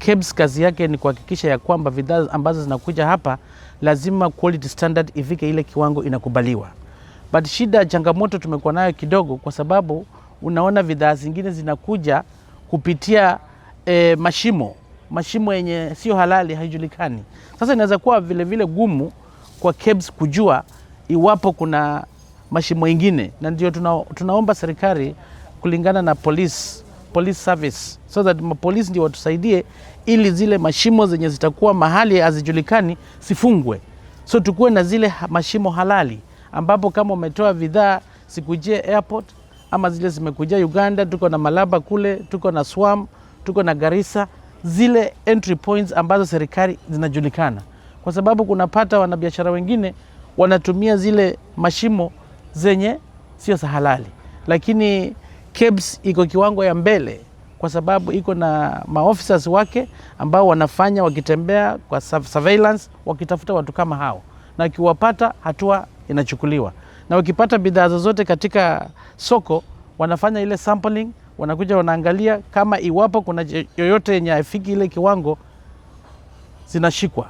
KEBS kazi yake ni kuhakikisha ya kwamba bidhaa ambazo zinakuja hapa lazima quality standard ifike ile kiwango inakubaliwa. But shida, changamoto tumekuwa nayo kidogo, kwa sababu unaona bidhaa zingine zinakuja kupitia e, mashimo mashimo yenye sio halali, haijulikani. Sasa inaweza kuwa vilevile gumu kwa KEBS kujua iwapo kuna mashimo ingine, na ndio tuna, tunaomba serikali kulingana na polisi police service so that mapolisi ndio watusaidie, ili zile mashimo zenye zitakuwa mahali hazijulikani sifungwe, so tukuwe na zile mashimo halali, ambapo kama umetoa bidhaa sikujie airport ama zile zimekuja Uganda, tuko na Malaba kule, tuko na Swam, tuko na Garissa, zile entry points ambazo serikali zinajulikana, kwa sababu kunapata wanabiashara wengine wanatumia zile mashimo zenye sio halali, lakini KEBS iko kiwango ya mbele kwa sababu iko na maofficers wake ambao wanafanya wakitembea kwa surveillance wakitafuta watu kama hao, na akiwapata hatua inachukuliwa, na wakipata bidhaa zozote katika soko wanafanya ile sampling, wanakuja wanaangalia kama iwapo kuna yoyote yenye afiki ile kiwango zinashikwa.